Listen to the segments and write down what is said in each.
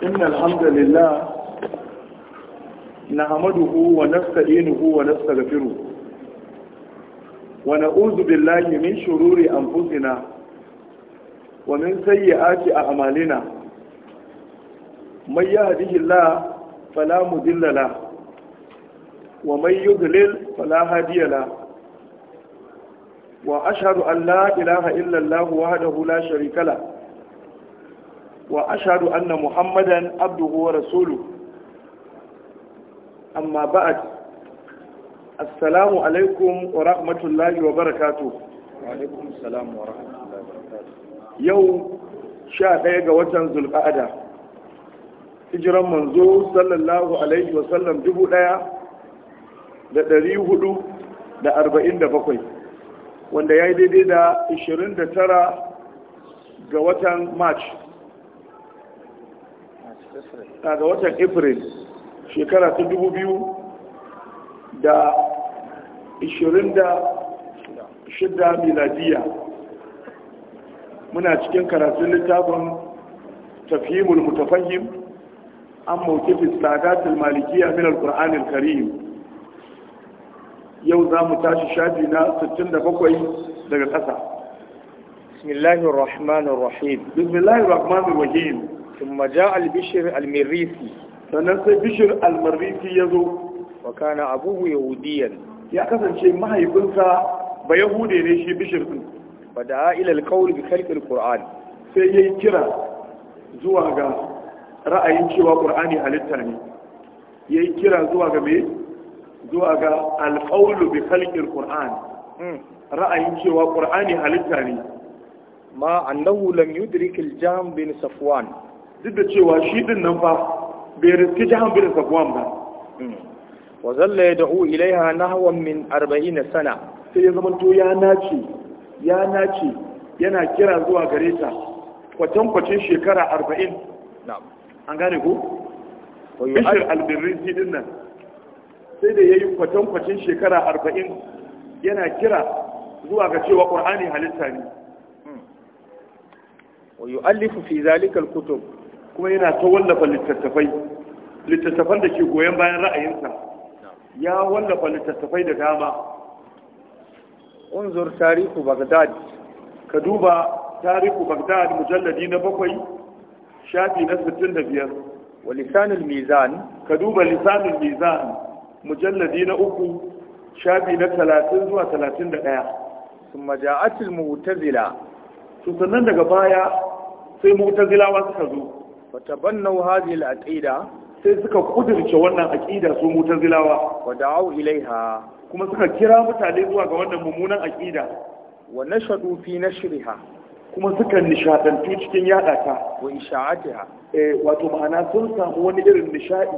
inna alhamdulillah nahmaduhu wa nasta'inuhu wa nastaghfiruh wa na'udhu billahi min shururi anfusina wa min sayyiati a'malina may yahdihillah fala mudilla la wa may yudlil fala hadiya wa ashhadu Allah la ilaha illa allah wahdahu la sharika Wa أن محمدا عبده ورسوله أما بعد السلام عليكم Assalamu alaikum wa rahmatullahi wa ورحمة Yau sha ɗaya ga watan وطن hijiran manzo sallallahu alaihi sallam dubu ɗaya da ɗari hudu da arba'in da bakwai wanda ya yi daidai da ashirin da tara ga watan march a ga watan april shekara ta dubu biyu da ishirin da shida miladiya muna cikin karatun littafin tafhimul mutafahim an mawkifin sadatul malikiya min alkur'an alkarim yau za mu tashi shafi na 67 daga ƙasa bismillahir rahmanir rahim ثم جاء البشر المريسي sannan sai bishir almarisi ya zo wa kana abuhu yahudiyan ya kasance mahaifinsa ba yahude ne shi bishir din fa da ila alqawl bi khalqi alquran sai yayi kira zuwa ga ra'ayin cewa qur'ani halitta ne kira zuwa ga me zuwa ga alqawl bi khalqi alquran hmm. ra'ayin cewa bin safwan duk da cewa shi din nan fa bai riske jahan bin sabuwan ba hmm. wa zalla ya da'u ilaiha nahwan min 40 sana sai ya zamanto ya nace ya nace yana kira zuwa gare ta kwatan kwace shekara 40 na'am an gane ko bishir albirrizi din nan sai da yayi kwatan kwace shekara 40 yana kira zuwa ga cewa qur'ani halitta ne ويؤلف في ذلك الكتب kuma yana ta wallafa littattafai littattafan da ke goyon bayan ra'ayinsa ya wallafa littattafai da dama unzur tarihu bagdad ka duba tarihu bagdad mujalladi na bakwai shafi na 65 wa lisanul mizan ka duba lisanul mizan mujalladi na uku shafi na 30 zuwa 31 ثم جاءت المعتزله to sannan daga baya sai mu'tazilawa suka zo fatabannau hadhihi al-aqida sai suka kudirce wannan aqida su mutazilawa wa da'u ilaiha kuma suka kira mutane zuwa ga wannan mummunan aqida wa nashadu fi nashriha kuma suka nishadantu cikin yada ta wa isha'atiha eh wato ma'ana sun samu wani irin nishaɗi.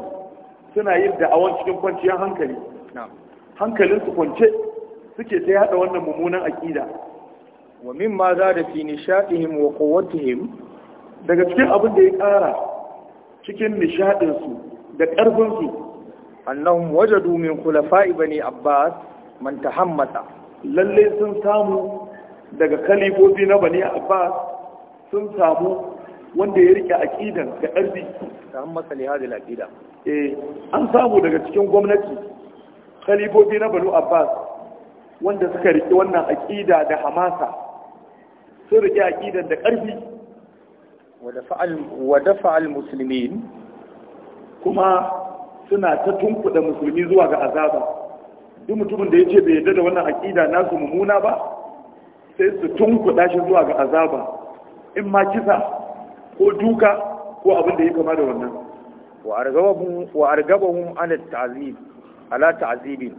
suna yin da'awan cikin kwanciyar hankali na'am hankalin su kwance suke ta yada wannan mummunan aqida wa mimma zada fi nishadihim wa quwwatihim daga cikin abin da ya ƙara cikin nishaɗinsu da ƙarfinsu annahum wajadu min khulafa'i bani abbas man tahammata lalle sun samu daga kalifofi na bani abbas sun samu wanda ya rike aqidan da arzi tahammata li hadhihi al-aqida eh an samu daga cikin gwamnati kalifofi na bani abbas wanda suka rike wannan aqida da hamasa sun rike aqidan da ƙarfi wadafa al-musulmin kuma suna ta tunkuɗa musulmi zuwa ga azaba duk mutumin da ya ce bai yarda da wannan aƙida nasu mummuna ba sai su tunkuɗa shi zuwa ga azaba in ma kisa ko duka ko abin da ya kama da wannan wa argabahum ala ta'zib ala ta'zibin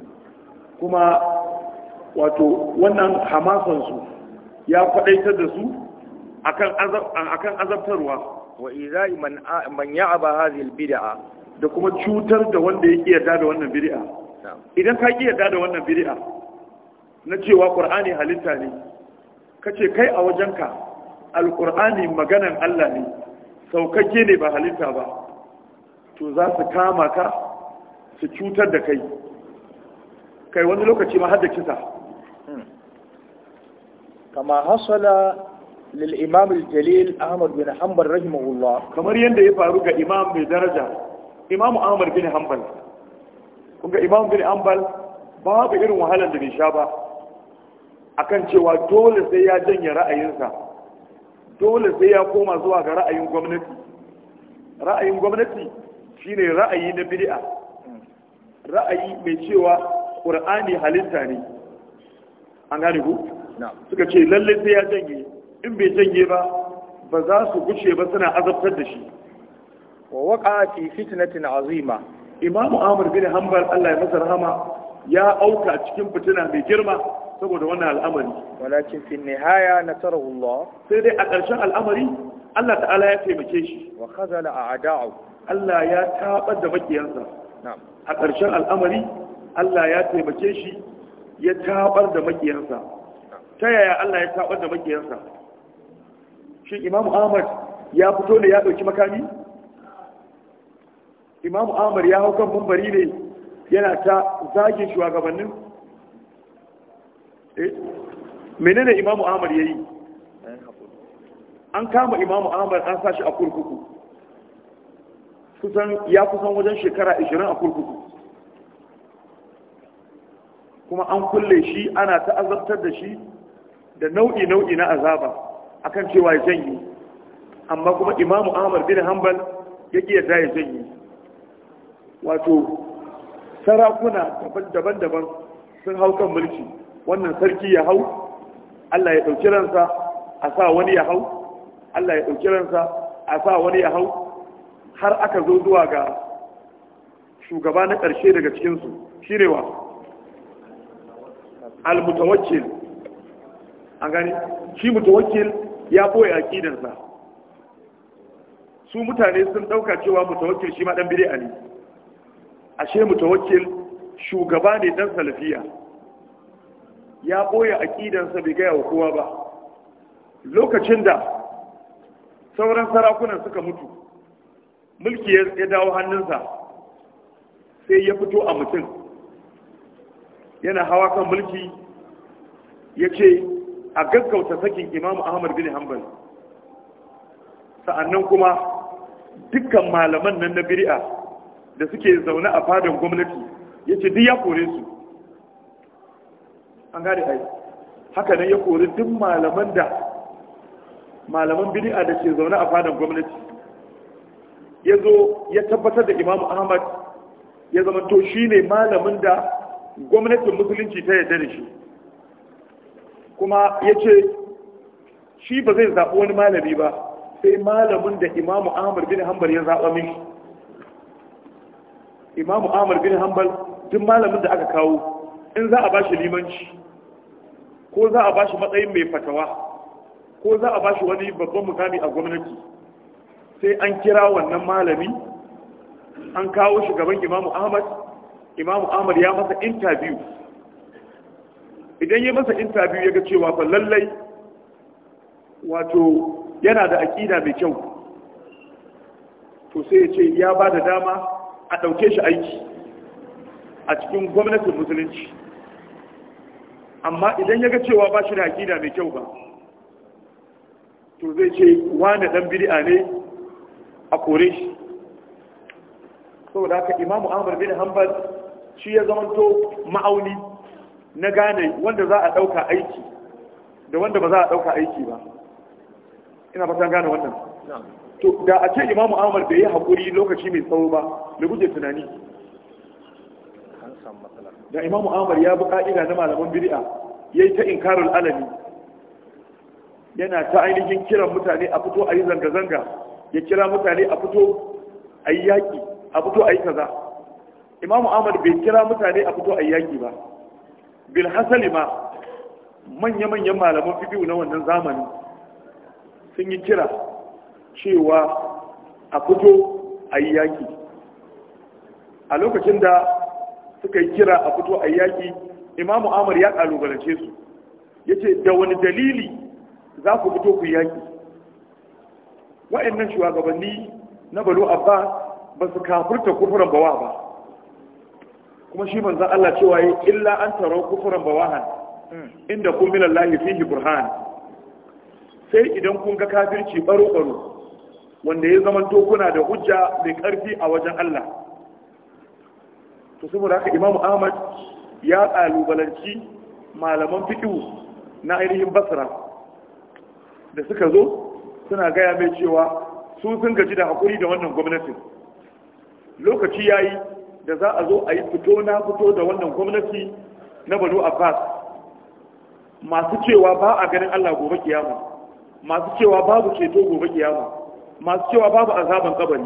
kuma wato wannan hamasan su ya faɗaitar da su akan azabtarwa wa izai man ya'aba hadhihi albid'a da kuma cutar da wanda yake yarda da wannan bid'a idan ka yi yarda da wannan bid'a na cewa qur'ani halitta ne kace kai a wajenka alqur'ani maganan Allah ne saukake ne ba halitta ba to za su kama ka su cutar da kai kai wani lokaci ma har da kisa hmm. kama hasala lil الجليل أحمد بن ahmad bin الله كما kamar yadda ya faru ga إمام mai daraja حنبل ahmad bin hanbal kun ga imam bin hanbal babu irin wahalar da bai sha ba akan cewa dole sai ya janye ra'ayinsa dole sai ya koma zuwa ga ra'ayin gwamnati ra'ayin gwamnati shine ra'ayi na bid'a ra'ayi mai cewa qur'ani halitta ne an gane ku suka ce lalle sai ya janye in bai janye ba ba za su guce ba suna azabtar da shi wa waqa fi fitnatin azima imamu amr bin hanbal Allah ya masa rahama ya auka cikin fitina mai girma saboda wannan al'amari walakin fi nihaya nasarahu Allah sai dai a ƙarshen al'amari Allah ta'ala ya taimake shi wa khazala a'da'u Allah ya tabar da makiyansa na'am a ƙarshen al'amari Allah ya taimake shi ya tabar da makiyansa ta yaya Allah ya tabar da makiyansa shi imamu ahmad ya fito ne ya ɗauki makami imamu ahmad ya hau kan bambari ne yana ta zagin shugabannin eh, menene imamu ahmad ya yi an kama imamu ahmad an sashi a kurkuku kusan ya kusan wajen shekara 20 a kurkuku kuma an kulle shi ana ta'azabtar da shi da nau'i-nau'i na azaba akan cewa ya janye amma kuma imamu ahmad bin hanbal ya kiyata ya janye wato sarakuna daban-daban sun hau kan mulki wannan sarki ya hau Allah ya ɗauki ransa a sa wani ya hau Allah ya ɗauki ransa a sa wani ya hau har aka zo zuwa ga shugaba na ƙarshe daga cikinsu shirewa al mutawakil an gani shi mutawakil ya boye aqidansa su mutane sun ɗauka cewa mutawakkil shi ma dan bid'a ne ashe mutawakkil shugaba ne dan salafiya ya boye aqidansa bai gaya wa kowa ba lokacin da sauran sarakunan suka mutu mulki ya dawo hannunsa sai ya fito a mutum yana hawa kan mulki ya ce a gaggauta sakin imamu ahmad bin hanbal sa'annan kuma dukkan malaman nan na biri'a da suke zaune a fadan gwamnati ya ce duk ya kore su an gari ai haka nan ya kori duk malaman da malaman biri'a da ke zaune a fadan gwamnati ya zo ya tabbatar da imamu ahmad ya zama to shi ne malamin da gwamnatin musulunci ta yarda da shi kuma ya ce shi ba zai zaɓi wani malami ba sai malamin da imamu ahmad bin hanbal ya zaɓa min imamu ahmad bin hanbal duk malamin da aka kawo in za a ba shi limanci ko za a ba shi matsayin mai fatawa ko za a ba shi wani babban mukami a gwamnati sai an kira wannan malami an kawo shi gaban imamu ahmad imamu ahmad ya masa intabiyu idan yi masa interview ya ga cewa fa lallai wato yana da aƙida mai kyau to sai ya ce ya ba da dama a ɗauke shi aiki a cikin gwamnatin musulunci amma idan ya ga cewa ba shi da aƙida mai kyau ba to zai ce wane ɗan bid'a ne a kore shi saboda haka imamu ahmad bin hanbal shi ya zamanto ma'auni na gane wanda za a ɗauka aiki da wanda ba za a ɗauka aiki ba ina fatan gane wannan to da a ce imamu ahmad bai yi haƙuri lokaci mai tsawo ba da guje tunani da imamu ahmad ya bi ƙa'ida na malaman biri'a ya yi ta inkarul alami yana ta ainihin kiran mutane a fito a yi zanga-zanga ya kira mutane a fito a yi yaƙi a fito a yi kaza imamu ahmad bai kira mutane a fito a yi yaƙi ba bil hasali ma manya-manyan malaman biyu na wannan zamani sun yi kira cewa a fito a yi yaƙi a lokacin da suka yi kira a fito a yi yaki imamu amur ya ƙalubalance su ya ce da wani dalili za ku fito ku yaƙi wa'annan shugabanni na balo abba ba su kafurta kufuran bawa ba kuma shi manzan Allah cewa yi illa an taro kufuran bawahan hmm. inda kun min Allah fihi burhan sai idan kun ga kafirci baro baro wanda ya zama to kuna da hujja mai ƙarfi a wajen Allah to su haka Imam Ahmad ya kalubalanci malaman fiqh na ainihin Basra da suka zo suna gaya mai cewa su sun gaji da hakuri da wannan gwamnatin lokaci yayi da za a zo a yi fito na fito da wannan gwamnati na banu abbas masu cewa ba a ganin allah gobe kiyama masu cewa babu ceto gobe kiyama masu cewa babu azaban kabari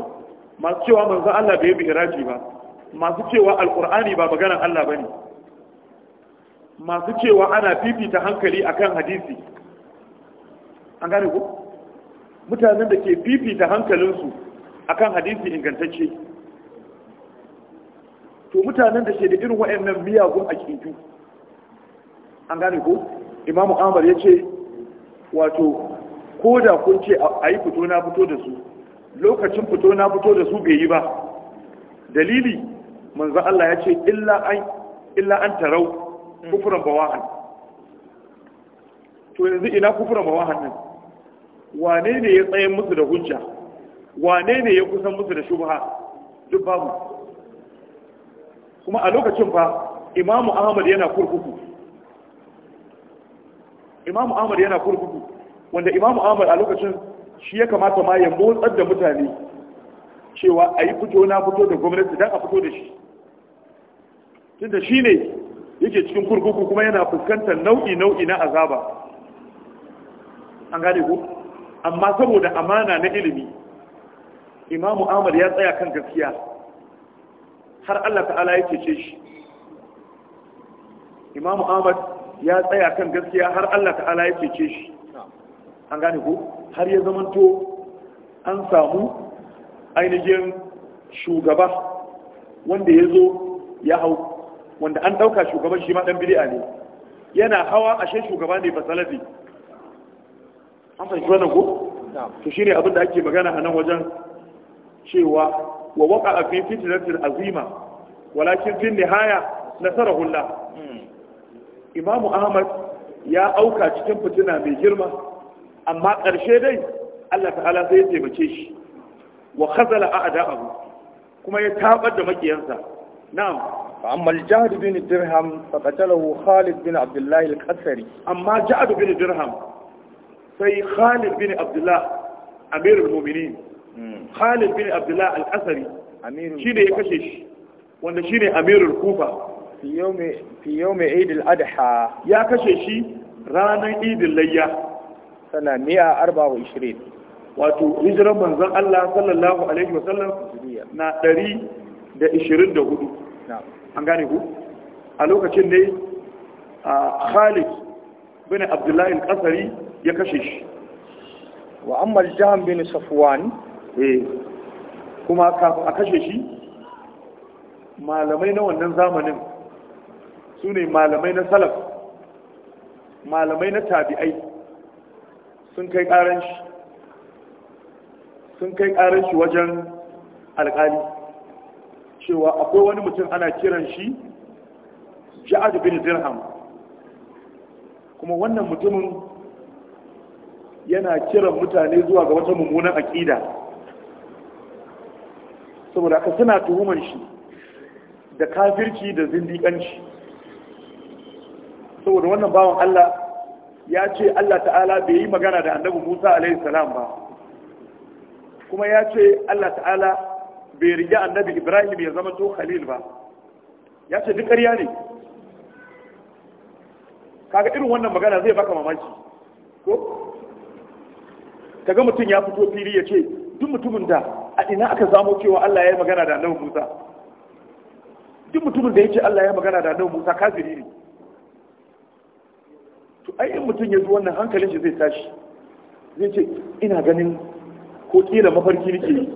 masu cewa manzo allah bai bi iraji ba masu cewa alkur'ani ba maganar allah ba ne masu cewa ana fifita hankali akan hadisi an gane ku mutanen da ke fifita hankalinsu akan hadisi ingantacce to mutanen da ke da irin wa'annan miyagun aƙidu an gane ko imamu amar ya ce wato ko da kun ce a yi fito na fito da su lokacin fito na fito da su bai yi ba dalili manzan Allah ya ce illa an tarau kufuran bawahan to yanzu ina kufuran bawahan nan wane ne ya tsayen musu da hujja wane ne ya kusan musu da shubha duk babu kuma a lokacin fa imamu ahmad yana kurkuku imamu ahmad yana kurkuku wanda imamu ahmad a lokacin shi ya kamata ma ya motsar da mutane cewa a yi fito na fito da gwamnati don a fito da shi tunda shi ne yake cikin kurkuku kuma yana fuskantar nau'i-nau'i na azaba an gane ku amma saboda amana na ilimi imamu ahmad ya tsaya kan gaskiya har Allah ta'ala ya cece shi Imam Ahmad ya tsaya kan gaskiya har Allah ta'ala ya cece shi an gane ko har ya zamanto an samu ainihin shugaba wanda ya zo ya hau wanda an ɗauka shugaban shi ma dan bidi'a ne yana hawa ashe shugaba ne ba salafi an fahimci wannan ko to shine abin da ake magana a nan wajen cewa wa waƙa waka fi fitnatil azima walakin fil nihaya nasarahu Allah Imam Ahmad ya auka cikin fitina mai girma amma ƙarshe dai Allah ta'ala sai taimace shi wa khazala a'da'ahu kuma ya tabar da makiyansa na'am فأما الجهد بن درهم فقتله خالد بن عبد الله القسري أما جهد بن درهم سي خالد بن عبد الله أمير Khalid bin Abdullah al-Asari shi ne ya kashe shi wanda shi ne amirul Kufa fi mai Eid al-Adha ya kashe shi ranar Eid al-Layya sana ishirin. wato hijiran manzan Allah sallallahu alaihi Wasallam na ɗari da ishirin da hudu. an gane ku a lokacin ne Khalid bin Abdullah al-Asari ya kashe shi wa amma Jahm bin Safwan eh kuma kafin a kashe shi malamai na wannan zamanin su ne malamai na salaf malamai na tabi'ai sun kai ƙaran shi wajen alkali cewa akwai wani mutum ana kiran shi ja'ad bin dirham kuma wannan mutumin yana kiran mutane zuwa ga wata mummunan aƙida saboda aka suna tuhumar shi da kafirci da zindiƙanci saboda wannan bawan Allah ya ce Allah ta'ala bai yi magana da annabi Musa alayhi salam ba kuma ya ce Allah ta'ala bai riga annabi Ibrahim ya zama to Khalil ba ya ce duk ne kaga irin wannan magana zai baka mamaki ko ga mutum ya fito fili ya ce duk mutumin da a ina aka zamo cewa Allah ya yi magana da annabi Musa duk mutumin da yake Allah ya magana da annabi Musa kafiri ne to ai in mutum ya zo wannan hankalin shi zai tashi zai ce ina ganin ko kila mafarki nake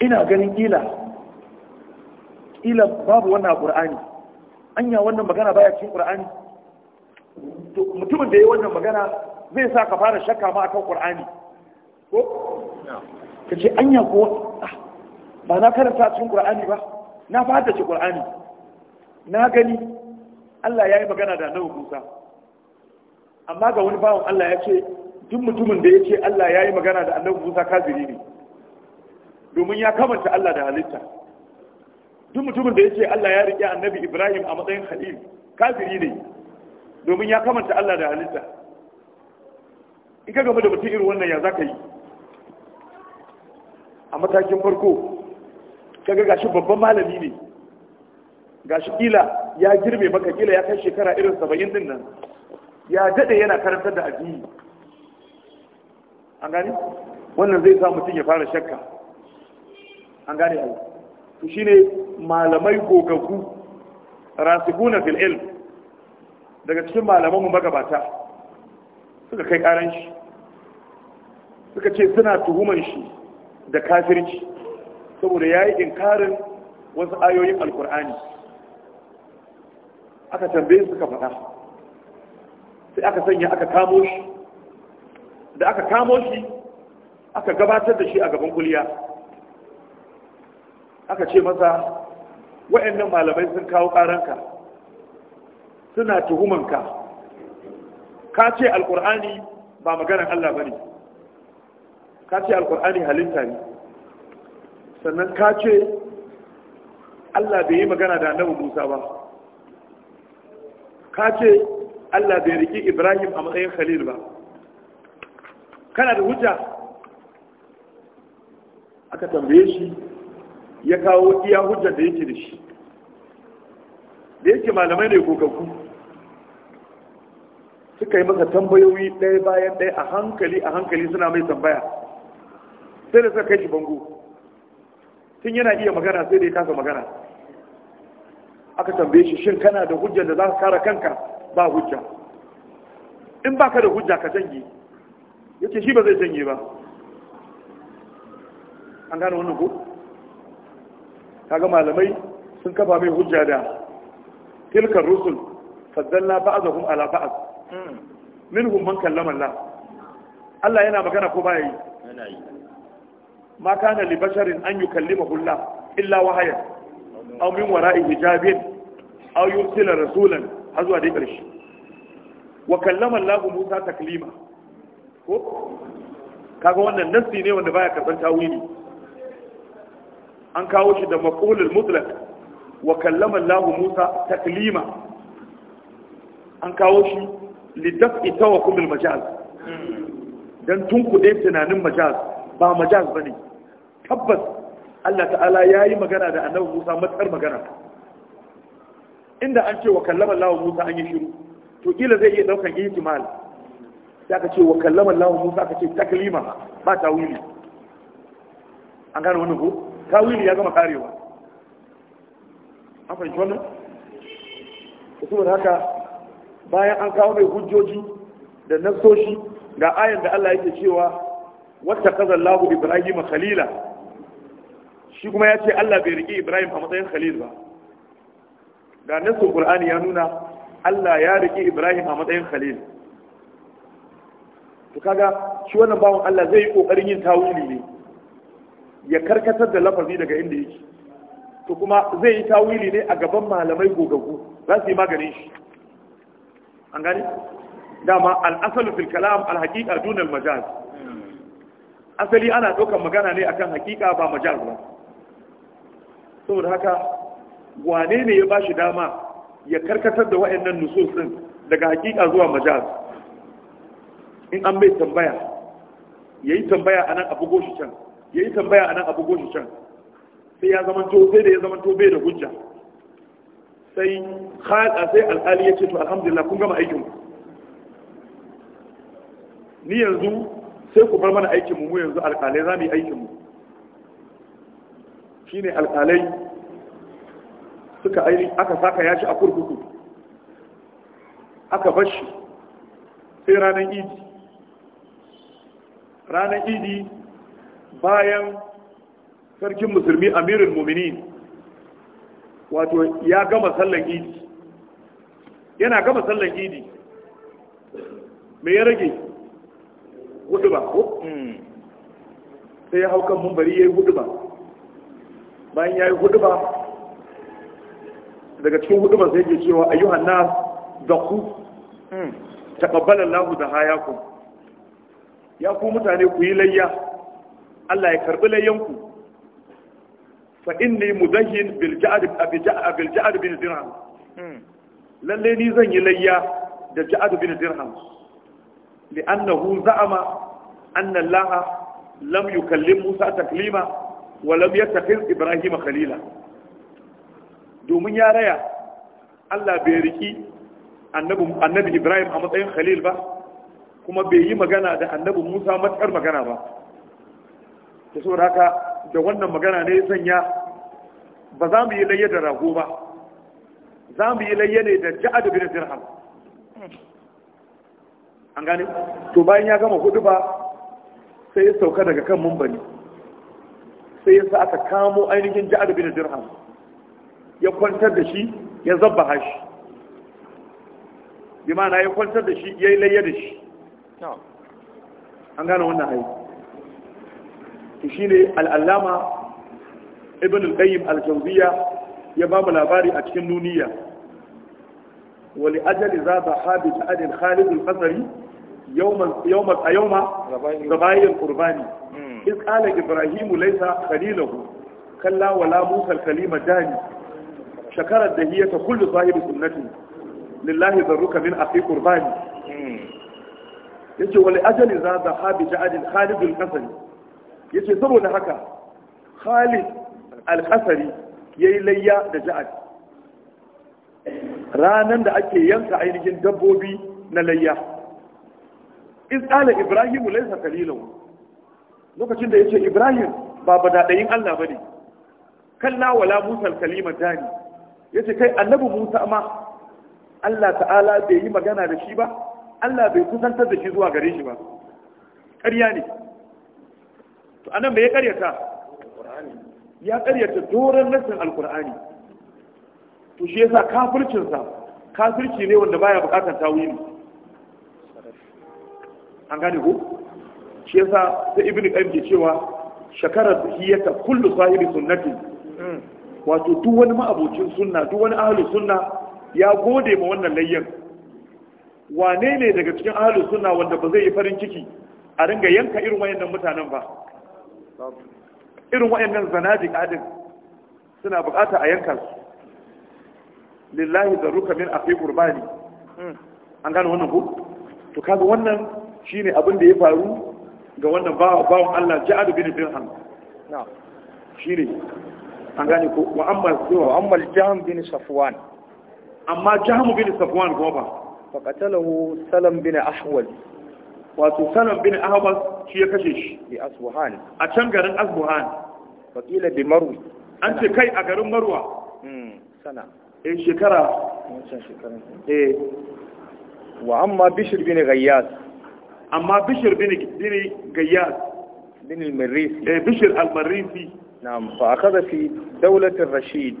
ina ganin kila kila babu wannan qur'ani anya wannan magana baya cikin qur'ani to mutumin da ya yi wannan magana zai sa ka fara shakka ma akan qur'ani ko ka ce anya ko ah, ba na karanta cikin qur'ani ba na fata ce qur'ani na gani Allah ya yi magana da annabi Musa amma ga wani bawan Allah ya ce duk mutumin da ya ce Allah ya yi magana da allah Musa kafiri ne domin ya kamanta Allah da halitta duk mutumin da ya ce Allah ya riƙe annabi Ibrahim a matsayin khalil kafiri ne domin ya kamanta Allah da halitta in ka gaba da mutum irin wannan ya zaka yi a matakin farko kaga gashi babban malami ne gashi kila ya girbe maka kila ya kai shekara irin saba'in din nan ya dade yana karantar da addini an gane wannan zai sa mutum ya fara shakka an gane ai to shine malamai gogaggu rasikuna fil ilm daga cikin malaman mu magabata suka kai karan shi suka ce suna tuhuman shi da kafirci saboda ya yi inkarin wasu ayoyin alkur'ani aka tambaye suka faɗa sai aka sanya aka kamo shi da aka kamo shi aka gabatar da shi a gaban kuliya aka ce masa wa'annan malamai sun kawo karanka suna tuhumanka ka ce alkur'ani ba maganar Allah ba ne ka ce alkur'ani halitta ne sannan ka ce allah bai yi magana da annabu musa ba ka ce allah bai riki ibrahim a matsayin khalil ba kana da hujja aka tambaye shi ya kawo iya hujjar da yake da shi da yake malamai ne kokaku suka yi masa tambayoyi ɗaya bayan ɗaya a hankali a hankali suna mai tambaya sai da suka kai shi bango tun yana iya magana sai da ya kasa magana aka tambaye shi shin kana da hujja da za ka kare kanka ba hujja in ba ka da hujja ka Ya ce shi ba zai janye ba an gane wannan ko kaga malamai sun kafa mai hujja da tilkar rusul faddalla ba'dhum ala ba'd hmm. minhum man kallama Allah Allah yana magana ko baya yi yana yi ma kana li basharin an yukallimahu Allah illa wahaya aw min wara'i hijabin aw yursila rasulan har zuwa dai karshe wa kallama Allah Musa taklima ko kaga wannan nassi ne wanda baya karban tawili an kawo shi da maqulul mutlaq wa kallama Allah Musa taklima an kawo shi li lidaf'i tawakkumil majaz dan tunkude tunanin majaz ba majaz bane tabbas Allah ta'ala yayi magana da annabi Musa matsar magana inda an ce wa kallama Allah Musa an yi shiru to kila zai iya daukan ihtimal sai ka ce wa kallama Allah Musa aka ce taklima ba tawili an gane wannan ko tawili ya gama karewa an fahimci wannan saboda haka bayan an kawo mai hujjoji da nasoshi ga ayan da Allah yake cewa wata kazan lahu ibrahim khalila shi kuma ya ce allah bai riƙe ibrahim a matsayin khalil ba ga nassin qur'ani ya nuna allah ya riƙe ibrahim a matsayin khalil to kaga shi wannan bawan allah zai yi ƙoƙarin yin tawili ne ya karkatar da lafazi daga inda yake to kuma zai yi tawili ne a gaban malamai gogaggu za su yi maganin shi an gani dama al'asalu fil kalam al haqiqa dun al majaz asali ana ɗaukar magana ne akan hakika ba majal ba saboda haka wane ne ya ba shi dama ya karkatar da wa'annan nusosin daga hakika zuwa majal in an bai tambaya ya yi tambaya a nan abu goshi can ya yi tambaya a nan abu goshi can sai ya zama to sai da ya zama tobe bai da hujja sai haɗa sai alƙali ya ce to alhamdulillah kun gama aikin ni yanzu sai ku bar mana aikin mu mu yanzu alƙalai za mu yi aikin mu shine alƙalai suka aini aka saka ya shi a kurkuku aka bar shi sai ranar idi ranar idi bayan sarkin musulmi amirin mumini wato ya gama sallan idi yana gama sallan idi mai ya rage hudu ko mm. sai ya hau kan mumbari ya yi hudu bayan ya yi hudu daga cikin hudu ba sai ke cewa ayyuhan na da ku mm. taɓabbalar lahu da ku. ya ku mutane ku yi layya Allah ya karɓi layyanku fa inni mudahin bil ja'ad bin dirham mm. lalle ni zan yi layya da ja'ad bin dirham li'annahu za'ama ma Allah lamyu, kallin Musa taklima wa lam yattakhiz Ibrahim khalila domin ya raya Allah bai riki annabi Ibrahim a matsayin khalil ba kuma bai yi magana da annabi Musa matukar magana ba ta saboda haka da wannan magana ne sanya ba za mu yi layya da rago ba za mu yi layya ne da ja'ad bin dirham an gane to bayan ya gama hudu ba sai ya sauka daga kan mumbani sai ya sa aka kamo ainihin ja'ad bin dirham ya kwantar da shi ya zabba shi bi ma'ana ya kwantar da shi ya yi layya da shi an gane wannan hayi shi ne al'allama ibn al-qayyim al ya ba mu labari a cikin nuniya wali ajali za ba habi ta adin khalid al-qasari yawma a yawma zabayin qurbani hmm. ibrahimu laisa khalilahu kalla wala kalima dani shakarar da hiya ta kullu sahibi sunnati lillahi zarruka min akhi kurbani. Hmm. yace wal ajali za da habi ja'adin khalid al qasari yace saboda haka khalid al-qasri yayi layya da ja'ad ranan da ake yanka ainihin dabbobi na layya In qala ibrahim Laisa qalilan lokacin da yace ibrahim ba badadayin Allah bane kalla wala musa kalima dani yace kai annabi musa ma Allah ta'ala bai yi magana da shi ba Allah bai kusantar da shi zuwa gare shi ba ƙarya ne to anan me ya ƙaryata ya ƙaryata doron nassin alqur'ani to shi yasa kafircin sa kafirci ne wanda baya bukatar tawili an gane ko shi yasa da ibnu qayyim ke cewa shakarar hiyata kullu sahibi sunnati hmm. wato duk wani ma'abocin sunna duk wani ahli sunna ya gode ma wannan layyan wane ne daga cikin ahli sunna wanda ba zai yi farin ciki a ringa yanka irin wayannan mutanen ba irin wayannan zanadi kadin suna bukata a yanka su lillahi zarruka min afi qurbani hmm. an gane wannan ku to kaga wannan shine abin da ya faru ga wannan bawan Allah ja'ad bin dirham Shi ne. an gane ko wa amma wa bin safwan amma jahm bin safwan kuma ba fa qatalahu salam bin ahwal wato salam bin ahwal shi ya kashe shi bi asbuhan a can garin asbuhan fa qila bi marwi an ce kai a garin marwa hmm, sana eh shekara eh wa amma bishr bin ghayyas amma bishir bin gayyaz bin al-marisi eh, bishir al-marisi na'am fa akhadha fi dawlat ar-rashid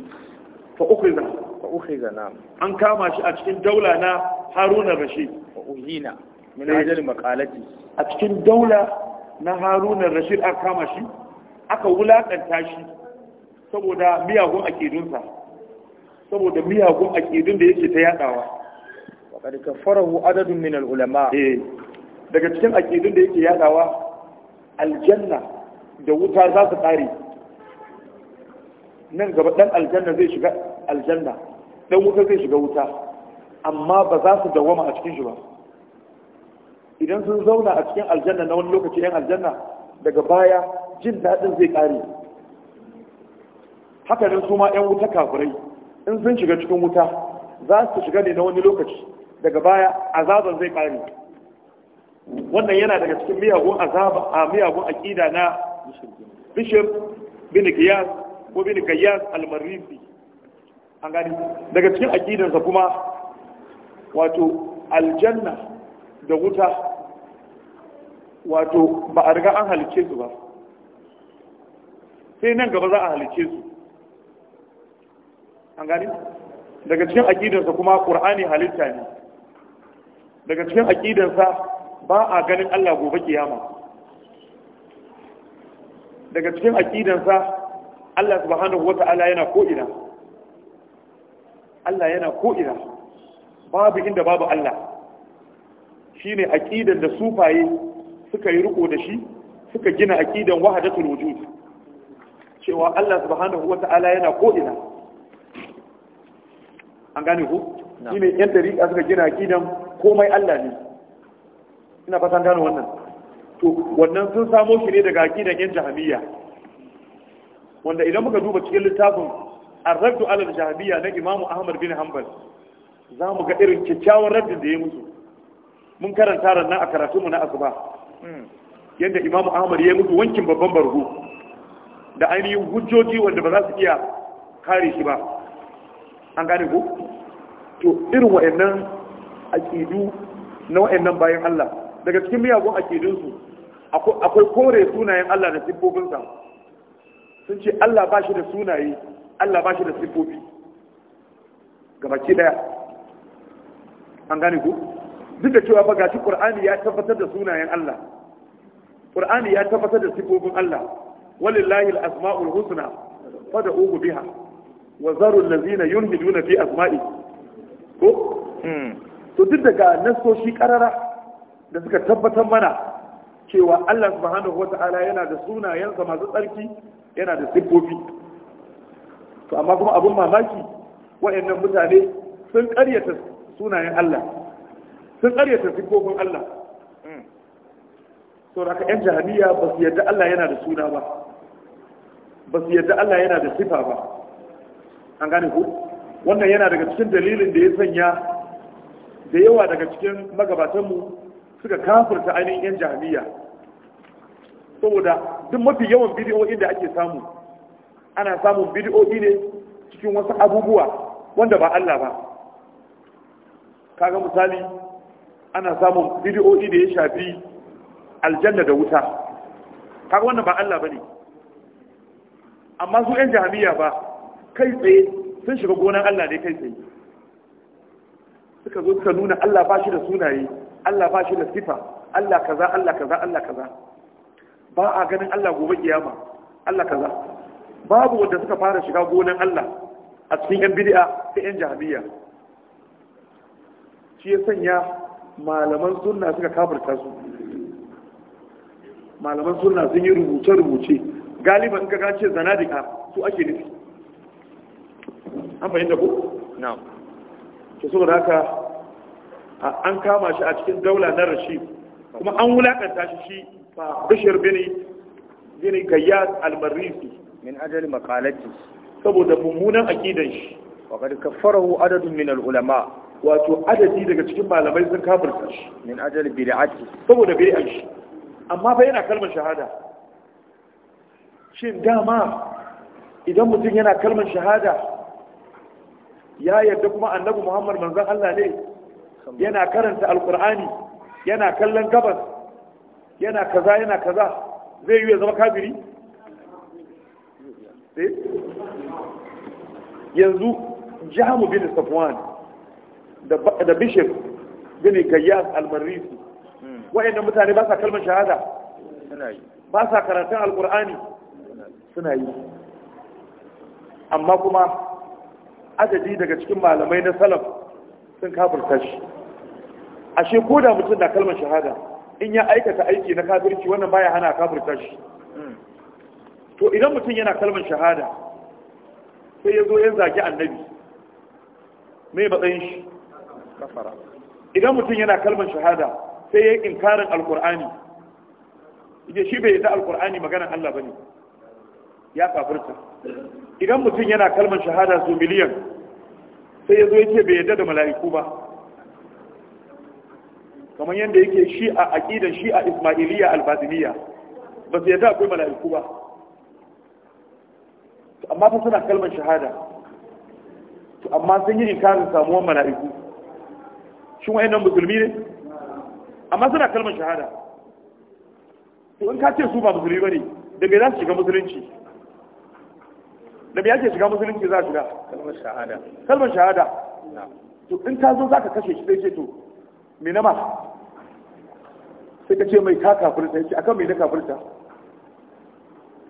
fa ukhiza fa ukhiza na'am an kama shi a cikin daula na harun ar-rashid fa uhina min eh. ajali maqalati a cikin daula na harun ar-rashid an kama shi aka wulakanta shi saboda miyagun akidunsa saboda miyagun akidun da yake ta yadawa faqad kafarahu adadun min al-ulama eh daga cikin aƙidun da yake yadawa aljanna da wuta za su ƙare nan gaba ɗan aljanna zai shiga aljanna ɗan wuta zai shiga wuta amma ba za su dawama a cikin shi ba idan sun zauna a cikin aljanna na wani lokaci yan aljanna daga baya jin daɗin zai ƙare haka nan su ma yan wuta kafirai in sun shiga cikin wuta za su shiga ne na wani lokaci daga baya azaban zai ƙare wannan yana daga cikin miyagun azaba a miyagun aqida na bishop bin qiyas ko bin qiyas al-marisi an gani daga cikin sa kuma wato aljanna da wuta wato ba a riga an halice su ba sai nan gaba za a halice su an gani daga cikin sa kuma qur'ani halitta ne daga cikin sa ba a ganin Allah gobe kiyama daga cikin aqidansa Allah subhanahu wata'ala yana ko'ina Allah yana ko'ina babu inda babu Allah shine aqidan da sufaye suka yi riko da shi suka gina aqidan wahdatul wujud cewa Allah subhanahu wata'ala yana ko'ina an gane ku shine yan dariƙa suka gina aqidan komai Allah ne ina fasan gano wannan to wannan sun samo shi ne daga aqidan yan jahabiyya wanda idan muka duba cikin littafin ar-raddu ala al na Imam Ahmad bin Hanbal za mu ga irin kyakkyawan raddin da ya musu mun karanta ran nan a karatunmu na asuba hmm. yadda Imam Ahmad ya musu wankin babban bargo da ainihin hujjoji wanda ba za su iya kare shi ba an gane ku to irin wa'annan aqidu na wa'annan bayan Allah daga cikin miyagun akidunsu akwai kore sunayen Allah da siffofinsa sun ce Allah ba shi da sunaye Allah ba shi da siffofi gabaki daya an gane ku duk da cewa baga shi ƙur'ani ya tabbatar da sunayen Allah ƙur'ani ya tabbatar da siffofin Allah walillahi al-asma'ul husna ugu biha wa zaru lazina yulhiduna fi asma'i ko hmm. to duk daga nasoshi ƙarara. da suka tabbatar mana cewa Allah subhanahu wata'ala yana da sunayensa masu tsarki yana da siffofi to amma kuma abin mamaki wayannan mutane sun ƙaryata sunayen Allah sun ƙaryata siffofin Allah to da yan jahiliya ba su yadda Allah yana da suna ba ba su yadda Allah yana da sifa ba an gane ku wannan yana daga cikin dalilin da ya sanya da yawa daga cikin magabatanmu suka kafirta ainihin yan jami'a saboda duk mafi yawan bidiyoyi da ake samu ana samun bidiyoyi ne cikin wasu abubuwa wanda ba Allah ba kaga misali ana samun bidiyoyi da ya shafi aljanna da wuta kaga wannan ba Allah bane amma su yan jami'a ba kai tsaye sun shiga gonan Allah ne kai tsaye suka zo suka nuna Allah ba shi da sunaye Allah ba shi da sifa Allah kaza Allah kaza Allah kaza ba a ganin Allah gobe kiyama Allah kaza babu wanda suka fara shiga gonan Allah a cikin yan bid'a da yan jahiliya shi ya sanya malaman sunna suka kafirta su malaman sunna sun yi rubuce-rubuce galiban ka ce zanadika su ake nufi an fahimta ko? na'am ke saboda haka an kama shi a cikin daula na rashid kuma an wulakanta shi shi bishir bin gini gayyar almarisi min ajali makalati saboda mummunan aqidan shi waqad kaffarahu adadun min alulama wato adadi daga cikin malamai sun kafirta shi min ajali bid'ati saboda bid'ar shi amma fa yana kalmar shahada shin dama idan mutum yana kalmar shahada ya yarda kuma annabi Muhammad manzon Allah ne yana karanta alkur'ani yana kallon gabas yana kaza yana kaza zai yi ya zama kafiri eh? yanzu jamu bin safwan da bishop bin gayyas almarisi wa'annan mutane ba sa kalmar shahada ba sa karatun alkur'ani suna yi amma kuma adadi daga cikin malamai na salaf sun kafirta shi ashe ko da mutum na kalmar shahada in ya aikata aiki na kafirci wannan baya hana kafin tashi. to idan mutum yana kalmar shahada sai ya zo ya zagi annabi mai matsayin shi kafara idan mutum yana kalmar shahada sai ya yi inkarin alkur'ani ije shi bai yadda alkur'ani maganar Allah bane ya kafirta idan mutum yana kalmar shahada su miliyan sai ya zo yake bai yadda da mala'iku ba kamar yadda yake shi a aƙidan shi a ismailiyya albaziniya ba su yadda akwai mala'iku ba amma fa suna kalmar shahada to amma sun yi inkarin samuwar mala'iku shi nan musulmi ne amma suna kalmar shahada to in ka ce su ba musulmi ba ne daga za su shiga musulunci da ya ce shiga musulunci za a shiga kalmar shahada kalmar shahada to in ka zo za ka kashe shi sai ce to me na sai ka ce mai ka kafirta yace akan me na kafirta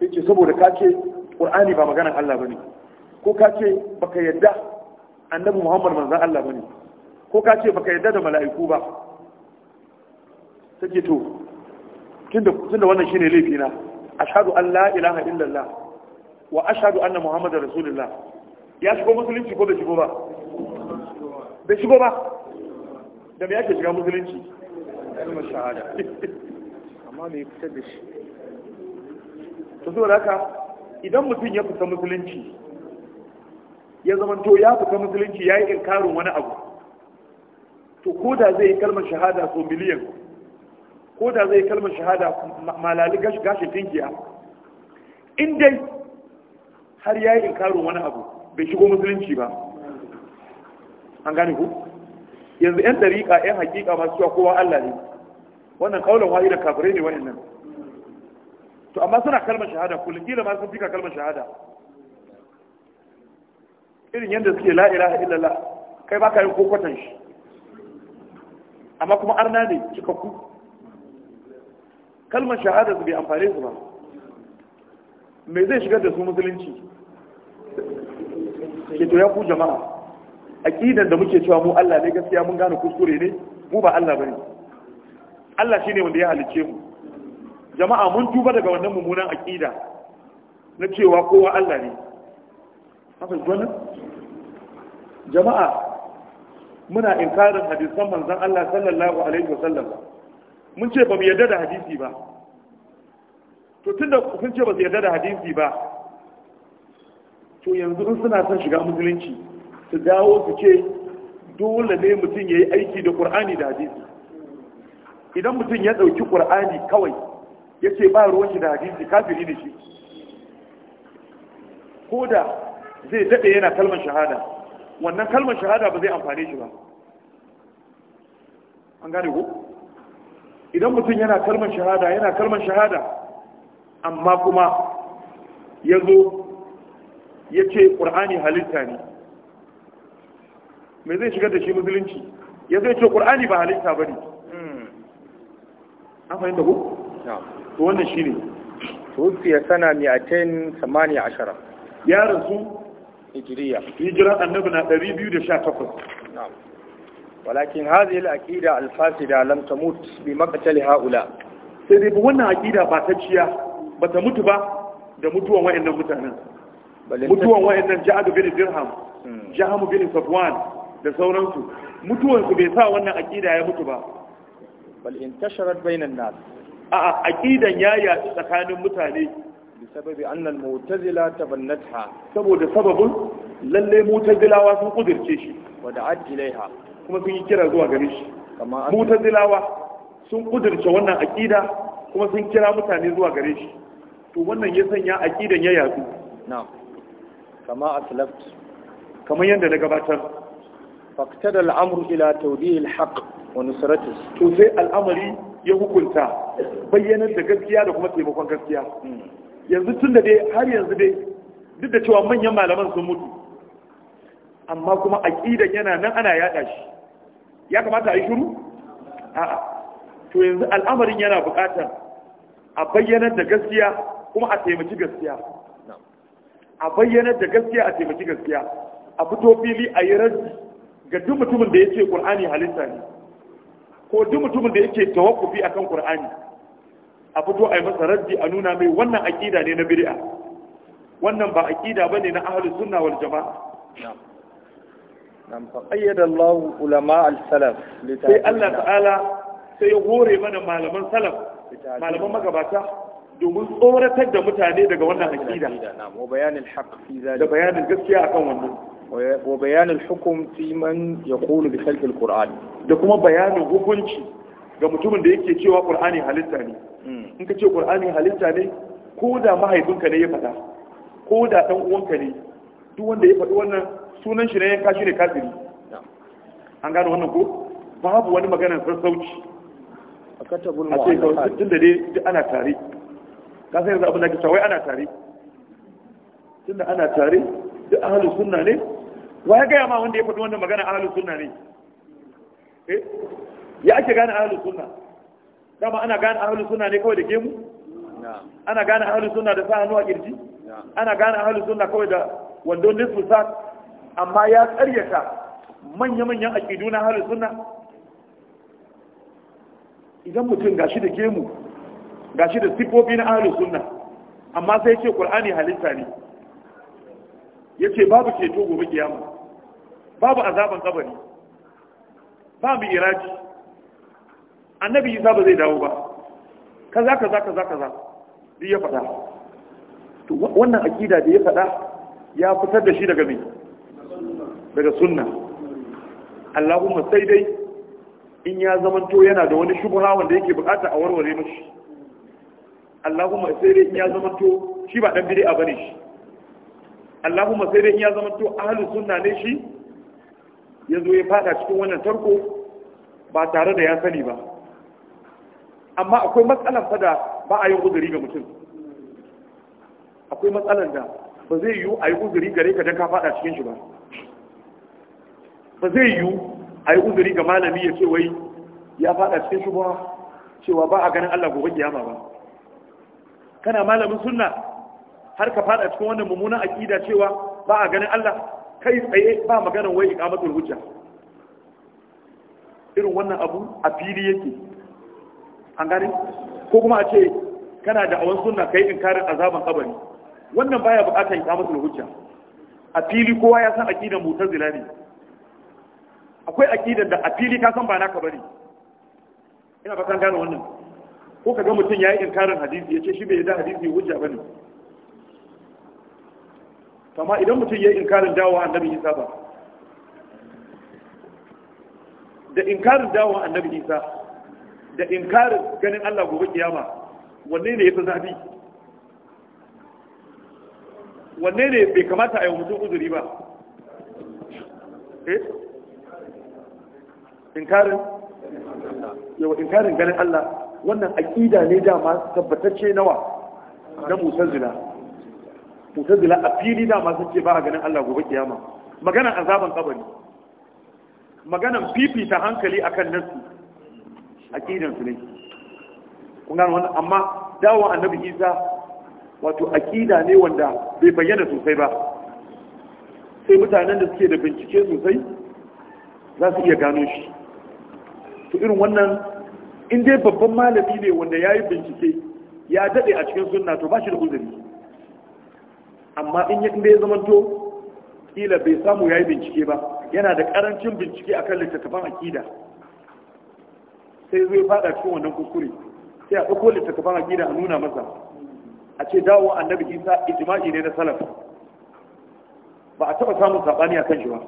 sai ce saboda ka ce Ƙur'ani ba maganar Allah bane ko ka ce baka yadda annabi Muhammad manzon Allah bane ko ka ce baka yadda da mala'iku ba sai ce to tunda tunda wannan shine laifi na ashhadu an la ilaha illallah wa ashadu anna muhammadar rasulullah ya shigo musulunci ko bai shigo ba bai shigo ba da me yake shiga musulunci kalmar shahada amma me fitar da shi to saboda haka idan mutum ya fita musulunci ya zamanto ya fita musulunci ya yi inkarin wani abu to ko da zai yi kalmar shahada so miliyan ko da zai yi kalmar shahada malali gashin tinkiya in dai har ya yi inkarin wani abu bai shigo musulunci ba an gane ku yanzu 'yan dariƙa 'yan hakika masu cewa kowa Allah ne wannan kaulan wahi da kafirai ne wani nan to amma suna kalmar shahada kullum kila ma sun fika kalmar shahada irin yadda suke la ilaha illallah kai baka yin kokwatan shi amma kuma arna ne cikakku kalmar shahada su bai amfane su ba me zai shigar da su musulunci keto to ya ku jama'a aqidan da muke cewa mu Allah ne gaskiya mun gane kuskure ne mu ba Allah bane Allah shine wanda ya halice mu jama'a mun tuba daga wannan mummunan aqida na cewa kowa Allah ne haka gwanin jama'a muna inkarin hadisan manzon Allah sallallahu alaihi wasallam mun ce ba mu yarda da hadisi ba to tunda kun ce ba su yarda da hadisi ba to yanzu in suna son shiga musulunci su dawo su ce dole ne mutum ya yi aiki da ƙur'ani da hadisi idan mutum ya ɗauki ƙur'ani kawai ya ce ba ruwan shi da hadisi kafiri da shi ko da zai daɗe yana kalmar shahada wannan kalmar shahada ba zai amfane shi ba an gane ku idan mutum yana kalmar shahada yana kalmar shahada amma kuma ya zo ya ce ƙur'ani halitta ne me zai shigar da shi musulunci ya zai ce ƙur'ani ba halitta ba ne an fahimta ku? to wannan shi ne ya sana mai a miyatain samani ashara ya rasu hijiriya hijira annabi na 218 walakin hadhihi al-aqida da fasida lam tamut bi makacali haula sai dai wannan aƙida ba ta ciya ba ta mutu ba da mutuwan wayannan mutanen mutuwan wayannan ja'adu bin dirham hmm. jahamu bin safwan da sauransu mutuwan su bai sa wannan aqida ya mutu ba bal intasharat bainan nas a aqidan ya yaɗu tsakanin mutane bisababi anna al-mu'tazila tabannatha saboda sababin lalle mu'tazilawa sun kudirce shi wa da'at ilaiha kuma sun yi kira zuwa gare shi kama mu'tazilawa sun kudirce wannan aqida kuma sun kira mutane zuwa gare shi to wannan ya sanya aqidan ya yatsu. na'am kama aslaft kamar yadda na gabatar da al'amru ila tawdihi ilhaq wa nusratis to sai al'amari ya hukunta bayyanar da gaskiya da kuma taimakon gaskiya yanzu tun da dai har yanzu dai duk da cewa manyan malaman sun mutu amma kuma aqidan yana nan ana yada shi ya kamata a yi shiru a'a to yanzu al'amarin yana buƙatar a bayyanar da gaskiya kuma a taimaki gaskiya a bayyanar da gaskiya a taimaki gaskiya a fito fili a yi rarri ga duk mutumin da ya ce ƙur'ani halitta ne ko duk mutumin da yake tawakkufi kan ƙur'ani a fito a yi masa rarri a nuna mai wannan aƙida ne na bid'a wannan ba aƙida ba ne na ahalin sunna wal jama'a nan fa Allah ulama al-salaf sai Allah ta'ala sai ya hore mana malaman salaf malaman magabata domin tsoratar da mutane daga wannan aqida da bayanin gaskiya akan wannan wa bayanin hukum man ya kulu bi khalqi alquran da kuma bayanin hukunci ga mutumin da yake cewa qur'ani halitta ne hmm. in ka ce qur'ani halitta ne ko da mahaifinka ne ya faɗa ko da dan uwanka ne duk wanda ya faɗi wannan sunan shi ne ya kashi ne kafiri an gano wannan ko babu wani maganar sassauci a katabul mu'allafat tun da duk ana tare ka yanzu abin da ke cewa ana tare tunda ana tare duk ahalus sunna ne wa ya gaya ma wanda ya faɗi wannan magana ahalus sunna ne eh, ya ake gane ahalus sunna dama ana gane ahalus sunna ne kawai da gemu ana gane ahalus sunna da sa hannu a kirji ana gane ahalus sunna kawai da wando nisfu sa amma ya karyata manya-manyan aƙidu na ahalus sunna idan mutum gashi da gemu gashi da sifofi na ahlus sunna amma sai ya ce qur'ani halitta ne yace babu ceto gobe kiyama babu azaban kabari babu iraji annabi isa ba zai dawo ba kaza kaza kaza kaza duk ya faɗa to wannan akida da ya faɗa ya fitar da shi daga me daga sunna Allahumma sai dai in ya zamanto yana da wani shubha wanda yake bukata a warware mashi Allahumma sai dai in ya zama to shi ba dan bid'a bane shi Allahumma sai dai in ya zama to ahli sunna ne shi yanzu ya fada cikin wannan tarko ba tare da ya sani ba amma akwai matsalan fa da ba a yi uzuri ga mutum akwai matsalan da ba zai yiwu a yi uzuri gare ka dan ka fada cikin shi ba ba zai yiwu a yi uzuri ga malami ya ce wai ya fada cikin shi ba cewa ba a ganin Allah gobe kiyama ba kana malamin sunna har ka fada cikin wannan mummunan aqida cewa ba a ganin Allah kai tsaye ba maganar wai iqamatul hujja irin wannan abu a fili yake an gane ko kuma a ce kana da awan sunna kai inkarin azaban kabari wannan baya bukatar iqamatul hujja a fili kowa ya san aqidar mu'tazila ne akwai aqidar da a fili ka san ba naka kabari ina kan gane wannan ko kaga mutum ya yi inkarin hadisi ya ce shi bai yi da hadisi hujja ba ne amma idan mutum ya yi inkarin dawowa annabi isa ba da inkarin dawowa annabi isa da inkarin ganin allah gobe kiyama wanne ne ya fi zafi wanne ne bai kamata a yi mutum uzuri ba eh inkarin yawa inkarin ganin allah wannan aƙida ne dama tabbatacce nawa na mutazila mutazila a fili dama sun ce ba a ganin Allah gobe kiyama maganan azaban kabari maganan fifita hankali akan nasu aƙidan su ne kun gano wannan amma dawo annabi Isa wato aƙida ne wanda bai bayyana sosai ba sai mutanen da suke da bincike sosai za su iya gano shi to irin wannan in dai babban malami ne wanda ya yi bincike ya daɗe a cikin sunna to ba shi da uzuri amma in ya ya zama to kila bai samu ya yi bincike ba yana da ƙarancin bincike a kan littattafan akida sai zai fada cikin wannan kuskure sai a ɗauko littattafan akida a nuna masa a ce dawo annabi isa ijma'i ne na salaf ba a taɓa samun saɓani a kan shi ba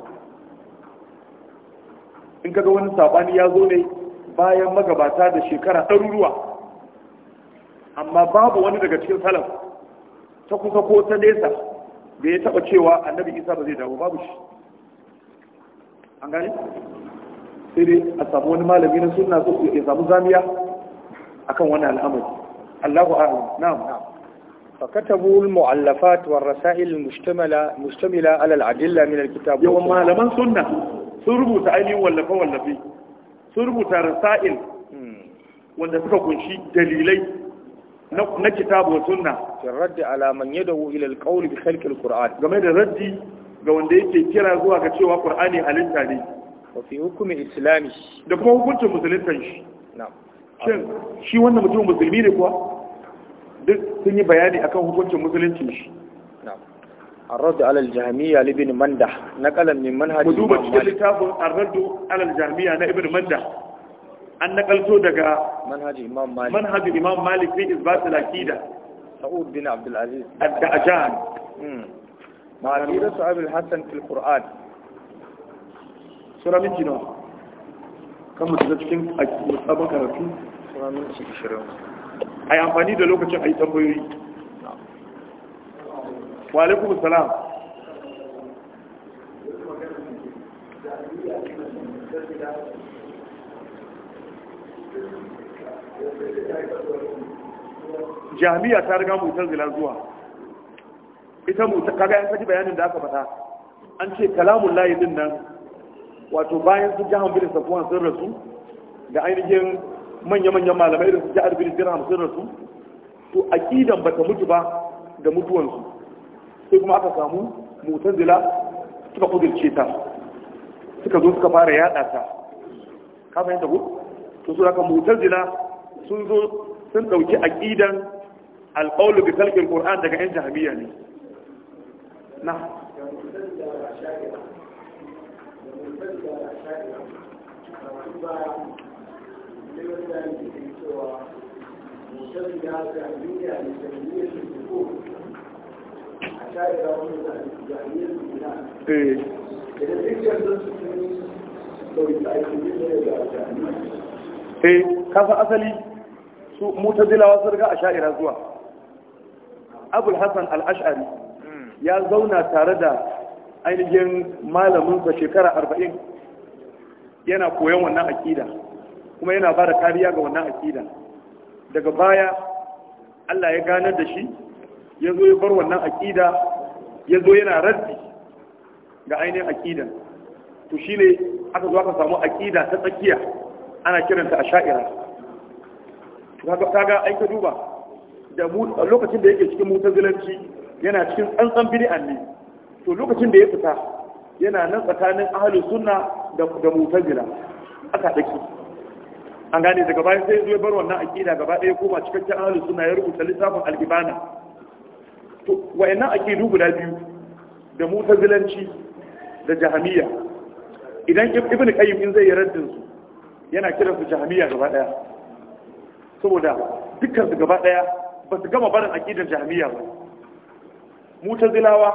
in kaga wani saɓani ya zo ne bayan magabata da shekara ɗaruruwa amma babu wani daga cikin salaf ta kusa ko ta nesa da ya taɓa cewa annabi isa ba zai dawo babu shi an gani sai dai a samu wani malami na sunna so ya samu zamiya kan wani al'amari Allahu a'lam na'am na'am المؤلفات والرسائل المشتملة مشتملة على الأدلة من الكتاب يوم ما لمن سنة سربوا تعالي ولفا ولفي sun rubuta rasail wanda suka kunshi dalilai na kitabu wa sunna da raddi ala man yadawu ila alqawl bi khalq game da raddi ga wanda yake kira zuwa ga cewa qur'ani halitta ne wa fi hukmi islami da kuma hukuncin musuluntan shi shin shi wannan mutum musulmi ne kuwa duk sun yi bayani akan hukuncin musulunci shi الرد على الجهمية لابن مندح نقلا من منهج مدوبة تكون لتاب الرد على الجهمية لابن مندح أن نقلته دقا منهج إمام مالك منهج الإمام مالك في إثبات الأكيدة سعود بن عبد العزيز الدعجان معذرة أبي الحسن في القرآن سورة من جنوب كم تذكرين أبو كرتين سورة من شكرا أي أمفاني دلوكة أي تنبيري wa alaikum salam jami'a ta riga mutazila zuwa ita mutu kaga yan kaji bayanin da aka fata an ce kalamun layi din nan wato bayan su jihar bilis da kuma sun rasu da ainihin manya-manyan malamai da su jihar bilis dirham sun rasu to aƙidan ba ta mutu ba da mutuwansu sai kuma aka samu mutazila suka kudirce ta suka zo suka fara yada ta ka fahimta ku to su motar mutazila sun zo sun dauki aqidan alqawlu bi khalqil qur'an daga yan jahabiyya ne na Thank you. Eh, eh, Ka fa asali su mutazilawa sun riga a sha'ira zuwa abul hassan al'ash'ari ya zauna tare da ainihin malaminsa shekara arba'in yana koyon wannan akida kuma yana ba da kariya ga wannan akida daga baya allah ya ganar da shi ya zo ya bar wannan aƙida ya zo yana raddi ga ainihin aƙidan to shi ne aka zo aka samu aƙida ta tsakiya ana kiranta a sha'ira ta ga aika duba da lokacin da yake cikin mutazilanci yana cikin tsantsan bid'an ne to lokacin da ya fita yana nan tsakanin ahalin sunna da da mutazila aka daki an gane daga bayan sai zo ya bar wannan aƙida gaba ɗaya koma cikakken ahalin sunna ya rubuta littafin al'ibana. to wayannan aqidu guda biyu da mutazilanci da jahamiya idan ibnu qayyim in zai yi raddin su yana kira su jahamiya gaba daya saboda dukkan su gaba daya ba su gama barin aqidar jahamiya ba mutazilawa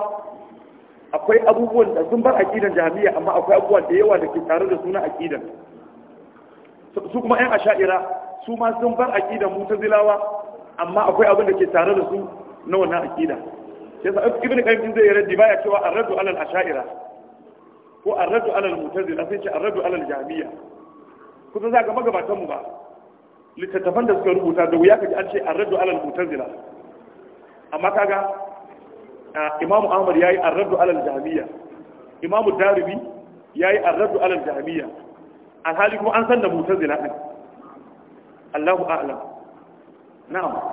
akwai abubuwan da sun bar aqidar jami'a amma akwai abubuwa da yawa da ke tare da suna aqidar su kuma yan asha'ira su ma sun bar aqidan mutazilawa amma akwai abin da ke tare da su na wannan akida sai sa ibn qayyim zai raddi baya cewa ar-raddu alal asha'ira ko ar alal mu'tazila sai ce ar alal jahmiya kusa za ga magabatan mu ba littattafan da suka rubuta da wuya kaji an ce ar alal mu'tazila amma kaga imamu ahmad yayi ar-raddu alal jahmiya imamu darimi yayi ar-raddu alal jahmiya alhali kuma an san da mu'tazila ne. Allahu a'lam na'am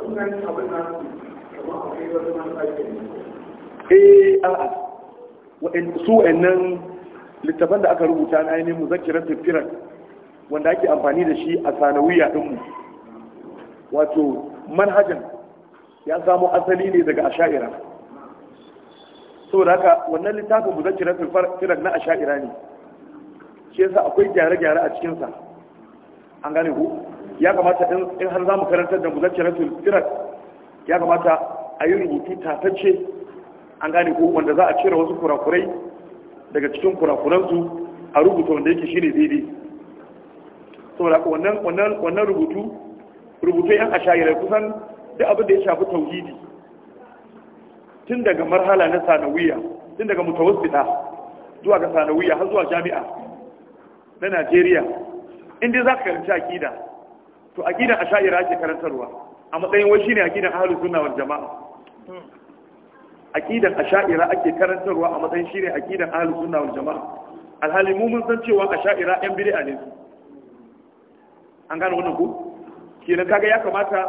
wannan eh su wa'annan littafan da aka rubuta na ainihin muzakirar tafiran wanda ake amfani da shi a sanawiya ɗinmu wato manhajan ya samo asali ne daga asha'ira saboda haka wannan littafin muzakirar tafiran na asha'ira ne shi yasa akwai gyare-gyare a cikinsa an gane ku ya kamata in har za mu karanta da muzakkiratul firat ya kamata a yi rubutu tatacce an gane ko wanda za a cire wasu kurakurai daga cikin kurakuransu a rubuta wanda yake shine daidai saboda wannan wannan wannan rubutu rubutu yan ashayira kusan duk abin da ya shafi tauhidi tun daga marhala na sanawiya tun daga mutawassita zuwa ga sanawiya har zuwa jami'a na Najeriya in dai za ka karanci akida to gidan asha'ira ake karantarwa a matsayin wai shine aqidan ahlus sunna wal jamaa aqidan asha'ira ake karantarwa a matsayin shine aqidan ahlus sunna wal jamaa alhali mu mun san cewa asha'ira yan bid'a ne an gano wannan ko kenan kaga ya kamata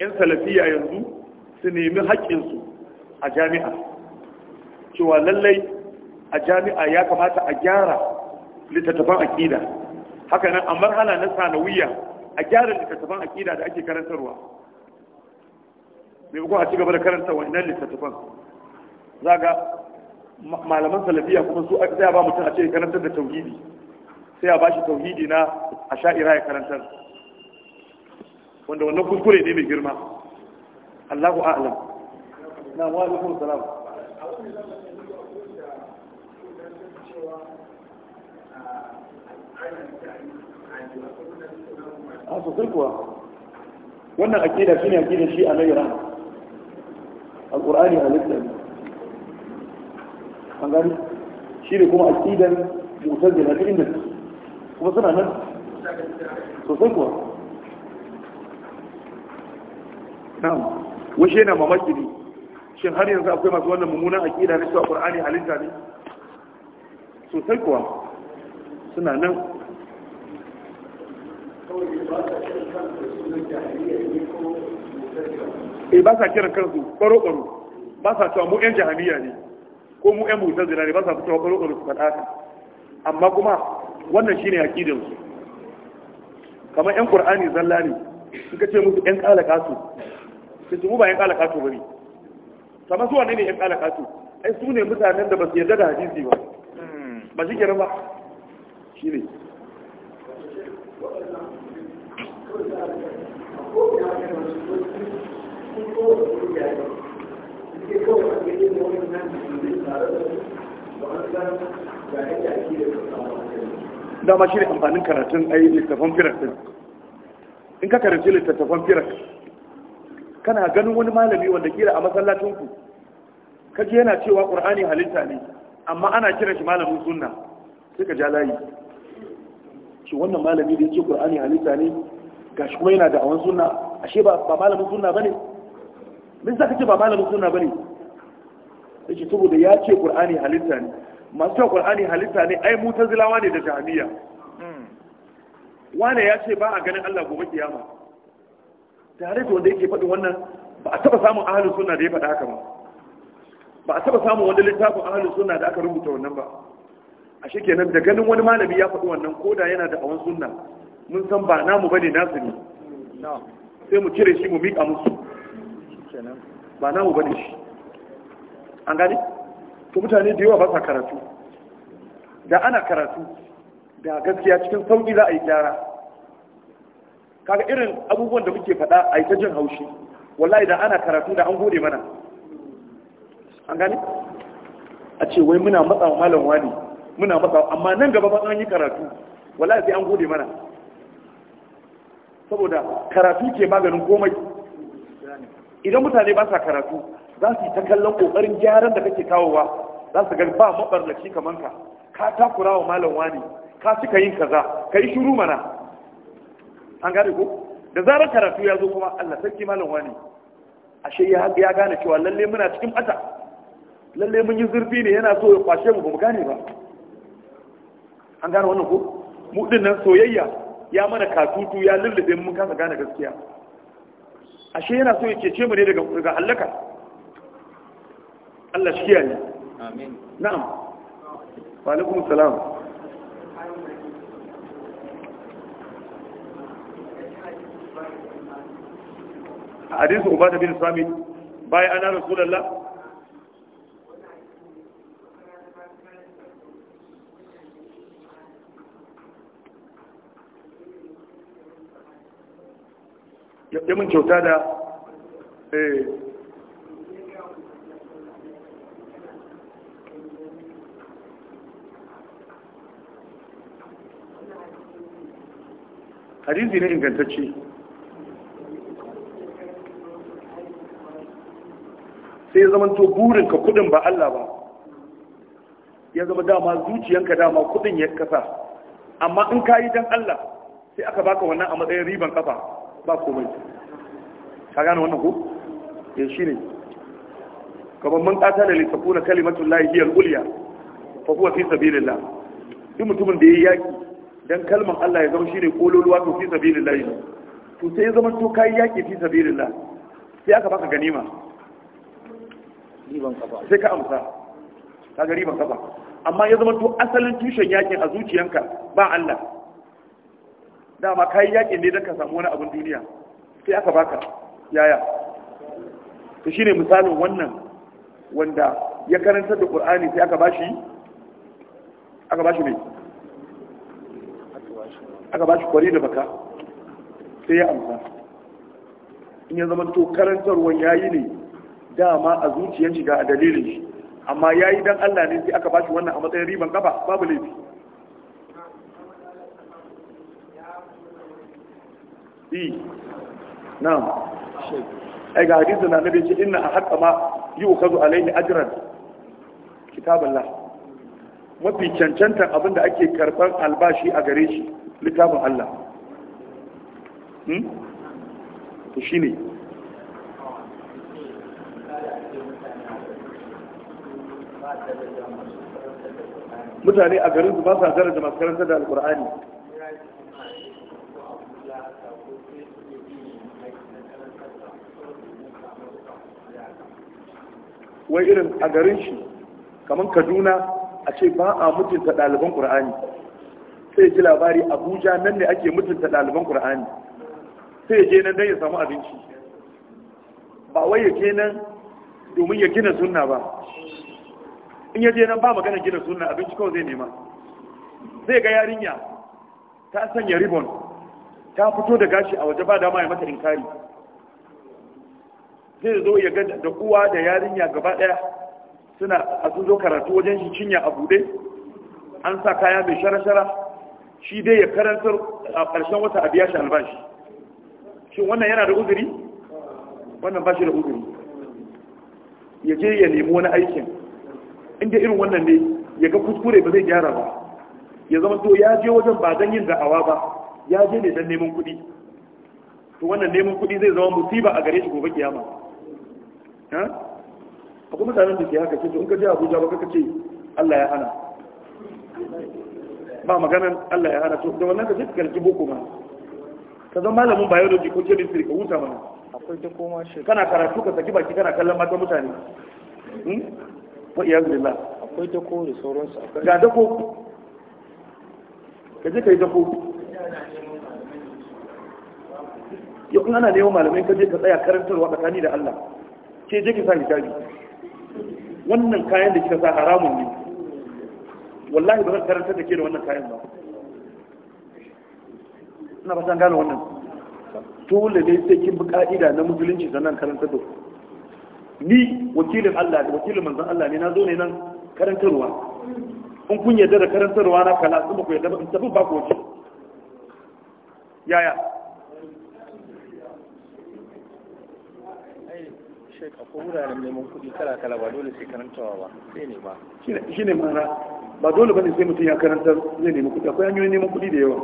yan salafiya yanzu su nemi haƙƙinsu a jami'a cewa lallai a jami'a ya kamata a gyara littattafan aƙida haka nan a marhala na sanawiyya a gyara littattafan aƙida da ake karantarwa mai a ci gaba da karanta wannan littattafan za ga malaman salafiya kuma su sai a ba mutum a ce karantar da tauhidi sai a ba shi tauhidi na a sha'ira ya karantar wanda wannan kuskure ne mai girma Allahu a'lam na wani kuma salam Thank you. a sosai kuwa wannan akida shine akida shi a naira ƙur'ani halitta ne an gani shi ne kuma akidan mu'tazila ta inda kuma suna nan sosai kuwa na'am washe na mamaki ne shin har yanzu akwai masu wannan mummunan akida na cewa qur'ani halitta ne sosai kuwa suna nan e ba sa kiran kansu ɓaro-ɓaro ba sa cewa mu 'yan jahamiya ne ko mu 'yan mutazila ne ba sa cewa ɓaro-ɓaro su faɗa haka amma kuma wannan shine aqidansu kamar 'yan qur'ani zalla ne suka ce musu 'yan kalakatu su mu ba 'yan su bane kamar su wane ne 'yan su ai su ne mutanen da ba su yarda da hadisi ba ba shi kenan ba shine dama shi ne amfanin karatun ayi littattafan firar din in ka karanci littattafan firak kana ganin wani malami wanda kira a masallacinku kaji yana cewa ƙur'ani halitta ne amma ana kira shi malamin sunna sai ka ja layi shi wannan malami da yake qur'ani halitta ne gashi kuma yana da awan sunna ashe ba ba malamin sunna bane min saka ce ba malamin sunna bane yake saboda ya ce qur'ani halitta ne masu cewa qur'ani halitta ne ai mutazilawa ne da jahiliya wane ya ce ba a ganin Allah gobe kiyama tare da wanda yake faɗi wannan ba a taɓa samun ahalin sunna da ya faɗa haka ba ba a taɓa samun wanda littafin ahalin sunna da aka rubuta wannan ba a shekenan da ganin wani malami ya faɗi wannan koda yana da awon sunna mun san ba namu bane nasu ne sai mu cire shi mu miƙa musu ba namu bane shi an gani to mutane da yawa ba sa karatu da ana karatu da gaskiya cikin sauƙi za a yi gyara kaga irin abubuwan da muke faɗa a yi ta jin haushi wallahi da ana karatu da an gode mana an gani a ce wai muna matsawa malam wani muna masa amma nan gaba ban an yi karatu wallahi sai an gode mana saboda karatu ke maganin komai idan mutane ba sa karatu za su yi ta kallon kokarin gyaran da kake kawowa za su ga ba mabarnaci kamar ka ka takura wa malam wani ka cika yin kaza ka yi shuru mana an gane ko da zarar karatu ya zo kuma Allah sarki malam wani ashe ya ya gane cewa lalle muna cikin bata lalle mun yi zurfi ne yana so ya kwashe mu ba mu gane ba an gane wannan ko mu din nan soyayya ya mana katutu ya lullube mun kasa gane gaskiya ashe yana so ya cece mu ne daga daga halaka Allah shi kiyaye amin na'am wa alaikum salam hadisu ubada bin sami bayan ana rasulullah ya mun kyauta da eh hadisi ne ingantacce sai zamanto burinka kudin ba Allah ba ya zama dama zuciyanka dama kudin ya kasa amma in kayi dan Allah sai aka baka wannan a matsayin riban kafa ba komai ka gane wannan ko ya eh, shi ne kamar mun ƙata da na kalimatun lahi hiyar uliya fa kuwa fi la. duk mutumin da ya yi yaƙi don kalmar Allah ya zama shi ne kololuwa to fi sabilillah ne to sai ya zama to yi yaƙi fi la, sai aka baka ganima sai ka amsa ka ga riban kafa amma ya zama to asalin tushen yaƙin a zuciyanka ba Allah dama yi yaƙin ne don ka samu wani abin duniya sai aka baka yaya to shine misalin wannan wanda ya karanta da qur'ani sai aka bashi aka bashi ne aka bashi kwari da baka sai ya amsa in ya zama to karantarwar yayi ne dama a zuciyar shi ga a dalilin shi amma yayi dan Allah ne sai aka bashi wannan a matsayin riban kafa babu laifi e, Na'am. ai ga hadisi na nabi ce inna haqqa ma yu'khadhu alayhi ajran kitaballah mafi cancantan abin da ake karban albashi a gare shi littafin Allah hmm? to shine mutane a garin su ba sa da masu karanta da alkur'ani wai irin a garin shi kamar kaduna a ce ba a mutunta ɗaliban ƙur'ani sai ji labari abuja nan ne ake mutunta ɗaliban ƙur'ani sai je nan don ya samu abinci ba wai ya je nan domin ya gina sunna ba in ya je nan ba magana gina sunna abinci kawai zai nema zai ga yarinya ta sanya ribon ta fito da gashi a waje ba dama ya mata inkari zai zo ya ga da uwa da yarinya gaba daya suna a sun zo karatu wajen shi cinya a bude an sa kaya mai shara-shara shi dai ya karantar a ƙarshen wata a shi albashi shin wannan yana da uzuri wannan ba shi da uzuri ya je ya nemi wani aikin inda irin wannan ne ya ga kuskure ba zai gyara ba ya zama to ya je wajen ba don yin da'awa ba ya je ne don neman kuɗi to wannan neman kuɗi zai zama musiba a gare shi gobe kiyama akwai mutanen da ke haka ce in ka je abuja ba ka ce allah ya hana ba maganan allah ya hana to da wannan ka ce karki boko ma ka zama malamin biology ko chemistry ka huta mana kana karatu ka saki baki kana kallon mata mutane hmm? wa iyaz billah akwai dako da sauransu ga dako ka je ka yi dako yau in ana neman malamai ka je ka tsaya karantarwa tsakani da allah ke je ki sa hijabi wannan kayan da kika sa haramun ne wallahi ba zan karanta da ke da wannan kayan ba ina ba san gane wannan dole ne sai kin bi ka'ida na musulunci sannan karanta da ni wakilin Allah da wakilin manzon Allah ne na zo ne nan karantarwa in kun yarda da karantarwa na kala kuma ku yarda ba in tafi ba ku wuce yaya shek akwai wuraren neman kuɗi kala kala ba dole sai karantawa ba sai ne ba shi ne mara ba dole ba ne sai mutum ya karantar zai nemi kuɗi akwai hanyoyin neman kuɗi da yawa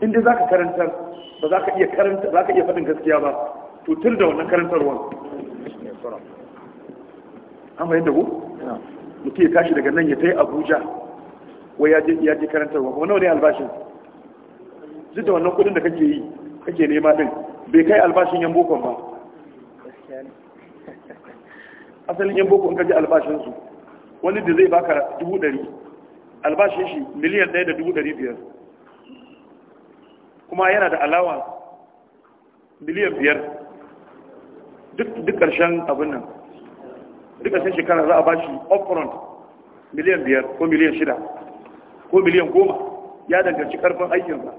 in dai zaka karantar ba za ka iya karanta za ka iya faɗin gaskiya ba to tur da wannan karantarwar. an bayan da ku mutum ya tashi daga nan ya ta yi abuja wai ya je karantarwa kuma nawa ne albashin duk da wannan kuɗin da kake yi kake nema din bai kai albashin yan bokon ba asalin yan boko in kaji albashinsu wani da zai baka dubu ɗari albashin shi miliyan ɗaya da dubu ɗari biyar kuma yana da alawa miliyan biyar duk ƙarshen abin nan duk ƙarshen shekara za a bashi upfront miliyan biyar ko miliyan shida ko miliyan goma ya danganci aikin aikinsa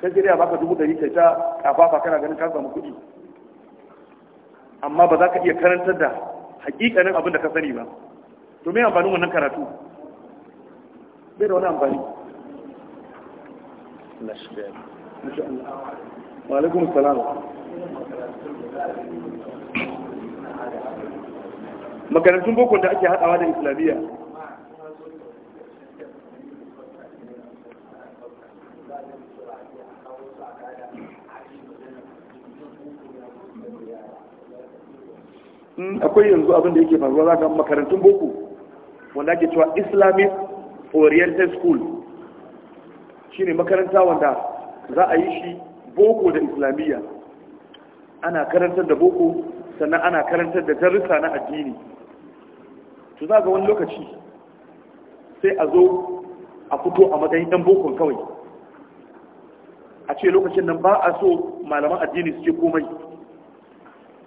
sai dai a baka dubu ɗari kai ta kafafa kana ganin ka samu kuɗi amma ba za ka iya karantar da hakikanin abin da ka sani ba to me amfanin wannan karatu bai da wani amfani wa makarantun boko da ake haɗawa da islamiyya in akwai yanzu abin da yake faruwa za ka makarantun boko wanda ake cewa islamic oriented school shine makaranta wanda za a yi shi boko da islamiyya ana karantar da boko sannan ana karantar da darussa na addini to za ga wani lokaci sai a zo a fito a matsayin ɗan boko kawai a ce lokacin nan ba a so malaman addini suke komai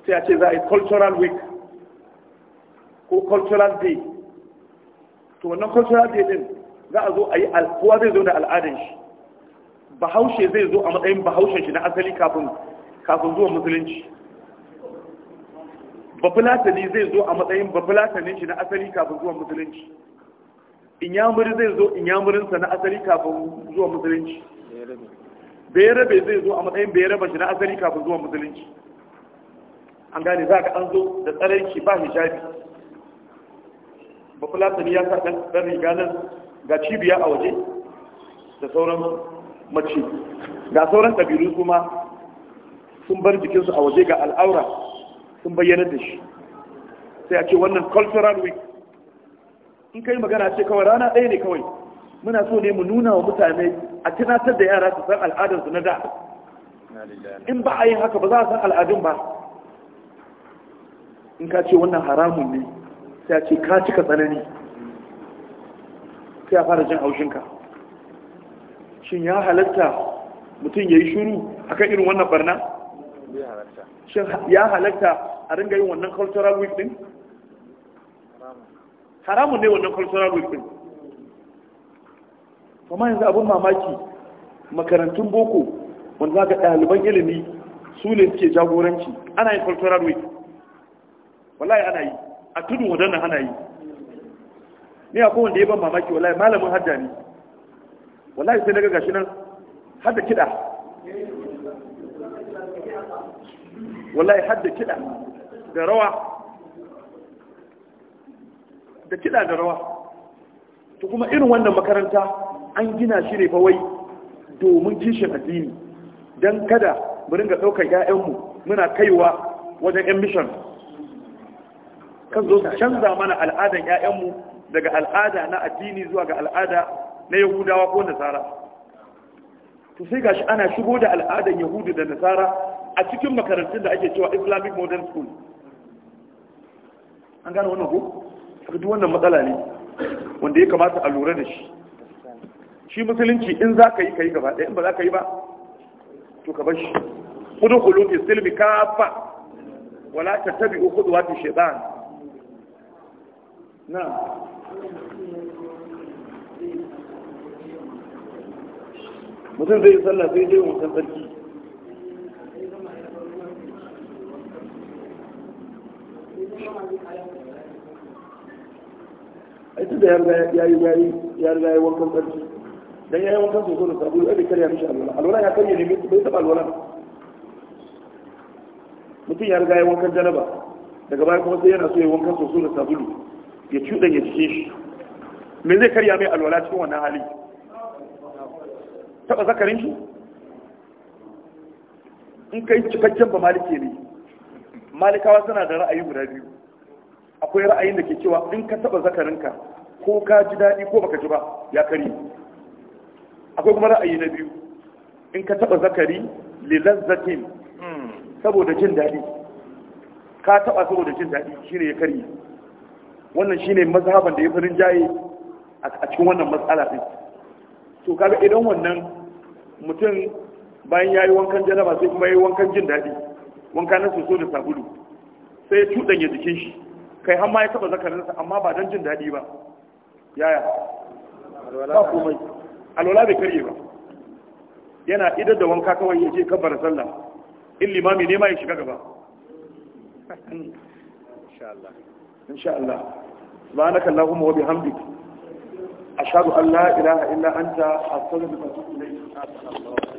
sai a ce za a yi cultural week ko cultural day to wannan cultural day din za a zo a yi kowa zai zo da al'adar shi bahaushe zai zo a matsayin bahaushen shi na asali kafin kafin zuwa musulunci bafulatani zai zo a matsayin bafulatanin shi na asali kafin zuwa musulunci inyamuri zai zo inyamurinsa na asali kafin zuwa musulunci bayarabe zai zo a matsayin bayarabe shi na asali kafin zuwa musulunci an gane za ka an zo da ki ba hijabi ba tsari ya sa ɗan riga nan ga cibiya a waje da sauran mace ga sauran ƙabilu kuma sun bar jikinsu a waje ga al'aura sun bayyana da shi sai a ce wannan cultural week in kai magana ce kawai rana ɗaya ne kawai muna so ne mu nuna wa mutane a tunatar da yara su san al'adarsu na da in ba a yi haka ba za a san al'adun ba in ka ce wannan haramun ne sai a ce ka cika tsanani sai a fara jin haushinka shin ya halatta mutum ya yi shuru a kan irin wannan barna? shin ya halatta a ringa yin wannan cultural week din? haramun ne wannan cultural week din kuma yanzu abin mamaki makarantun boko wanda za ga ɗaliban ilimi su ne suke jagoranci ana yin cultural week wallahi ana yi a tudun wadannan ana yi ni a kowanne ya ban mamaki wallahi malamin hajja ne wallahi sai daga gashi nan hadda kiɗa wallahi hadda kiɗa da rawa da kiɗa da rawa to kuma irin wannan makaranta an gina shi ne wai domin kishin addini don kada mu ringa ɗaukar 'ya'yanmu muna kaiwa wajen 'yan mission kan zo su canza mana al'adan ƴaƴanmu daga al'ada na addini zuwa ga al'ada na yahudawa ko nasara to sai gashi ana shigo da al'adan yahudu da nasara a cikin makarantun da ake cewa islamic modern school an gane wannan ko duk wannan matsala ne wanda ya kamata a lura da shi shi musulunci in za ka yi ka yi gaba ɗaya in ba za ka yi ba to ka bar shi kudu kulu ne silmi kafa wala tattabi'u khudwati shaitan na mutum zai yi sallah sai dai wankan tsarki. aiki da ya yi ya riga ya wankan sarki dan ya yi wankan soso da sabulu ɗari karya mishi alwala alwala ya karya ne bai taɓa alwala mutum ya riga ya wankan janaba daga baya kuma sai yana so ya wankan soso da sabulu ya cuɗa ya cikin shi me zai karya mai alwala cikin wannan hali taɓa zakarin shi in kai cikakken ba malike ne malikawa suna da ra'ayi guda biyu akwai ra'ayin da ke cewa in ka taɓa zakarinka ko ka ji daɗi ko baka ji ba ya karye? akwai kuma ra'ayi na biyu in ka taɓa zakari lilazzatin saboda jin daɗi ka taɓa saboda jin daɗi shine ya karye. wannan shine mazhaban da ya fi rinjaye a cikin wannan matsala din to kaga idan wannan mutum bayan yayi wankan janaba sai kuma yayi wankan jin daɗi wanka na soso da sabulu sai ya cuɗanya jikin shi kai har ma ya zakarin sa amma ba don jin daɗi ba yaya ba komai alwala bai karye ba yana idar da wanka kawai ya je kabbar sallah in limami ne ma ya shiga gaba insha Allah subhanaka allahumma wa bihamdika ashhadu an la ilaha illa anta astaghfiruka wa atubu ilayk